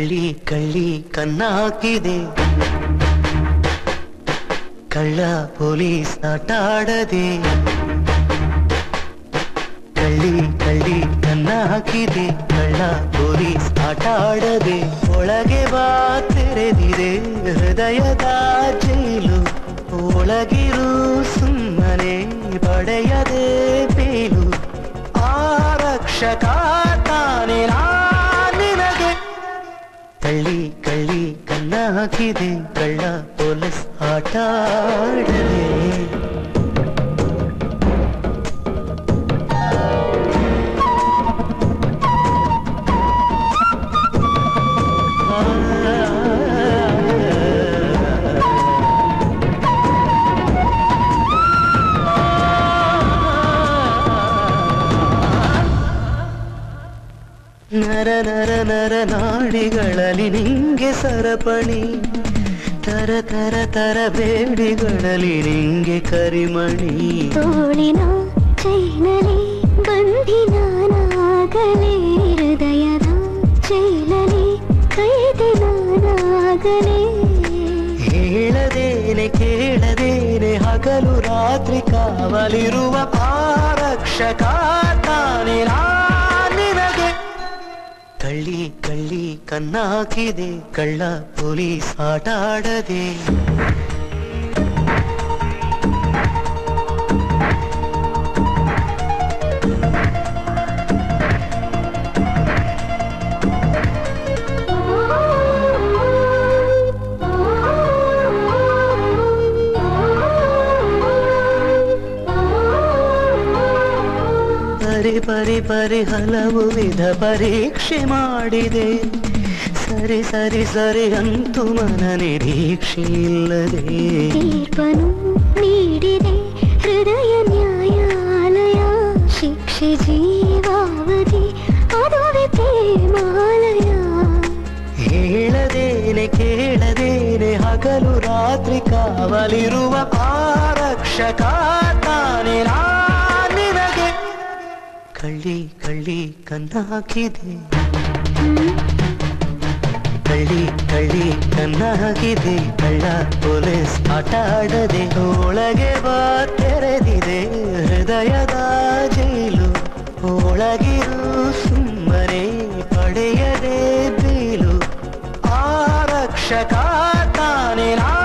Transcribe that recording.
ಕಳ್ಳಿ ಕಳ್ಳಿ ಕನ್ನ ಹಾಕಿದೆ ಕಳ್ಳ ಪೊಲೀಸ್ ಆಟಾಡದೆ ಕಳ್ಳಿ ಕಳ್ಳಿ ಕನ್ನ ಹಾಕಿದೆ ಕಳ್ಳ ಪೊಲೀಸ್ ಆಟಾಡದೆ ಒಳಗೆ ಬಾ ತೆರೆದಿದೆ ಹೃದಯದ ಜೈಲು ಒಳಗಿರು ಸುಮ್ಮನೆ ಪಡೆಯದೆ ಬೇಲು ಆರಕ್ಷಕ ಕಳ್ಳಿ ಕಳ್ಳಿ ಕನ್ನ ಹಾಕಿದೆ ಕಳ್ಳ ಪೊಲೀಸ್ ಆಟ ಆಡಿದೆ ನರ ನರ ನರ ನಾಡಿಗಳಲ್ಲಿ ನಿಂಗೆ ಸರಪಣಿ ತರ ತರ ತರ ಬೇಡಿಗಳಲ್ಲಿ ನಿಂಗೆ ಕರಿಮಣಿ ತೋಳಿನ ಚೈನಲಿ ಬಂಧಿನ ನಾಗಲೇ ಹೃದಯದ ಕೈದಿನ ನಾನಾಗಲೇ ಹೇಳದೇನೆ ಕೇಳದೇನೆ ಹಗಲು ರಾತ್ರಿ ಕಾವಲಿರುವ ಪಾರಕ್ಷಕ ತಾನೇ ಕಳ್ಳಿ ಕಳ್ಳಿ ಕಣ್ಣಾಕಿದೆ ಕಳ್ಳ ಪೊಲೀಸ್ ಆಟಾಡದೆ ಸರಿ ಪರಿ ಪರಿ ಹಲವು ವಿಧ ಪರೀಕ್ಷೆ ಮಾಡಿದೆ ಸರಿ ಸರಿ ಸರಿ ಅಂತೂ ಮನ ನಿರೀಕ್ಷೆ ಇಲ್ಲದೆ ನೀಡಿದೆ ಹೃದಯ ನ್ಯಾಯಾಲಯ ಶಿಕ್ಷೆ ಜೀವಾವಧಿ ಅದುವೆ ಹೇಳದೇನೆ ಕೇಳದೇನೆ ಹಗಲು ರಾತ್ರಿ ಕಾವಲಿರುವ ಆರಕ್ಷಕ ತಾನೇ ಕಳ್ಳಿ ಕಳ್ಳಿ ಕನ್ನಾಕಿದೆ ಕಳ್ಳಿ ಕಳ್ಳಿ ಕನ್ನಾಗಿದೆ ಕಳ್ಳ ಪೊಲೀಸ್ ಆಟ ಆಡದೆ ಒಳಗೆ ಬಾ ತೆರೆದಿದೆ ಹೃದಯದ ಜೈಲು ಒಳಗಿರು ಸುಮ್ಮನೆ ಪಡೆಯದೆ ಬೀಲು ಆರಕ್ಷಕ ತಾನೇ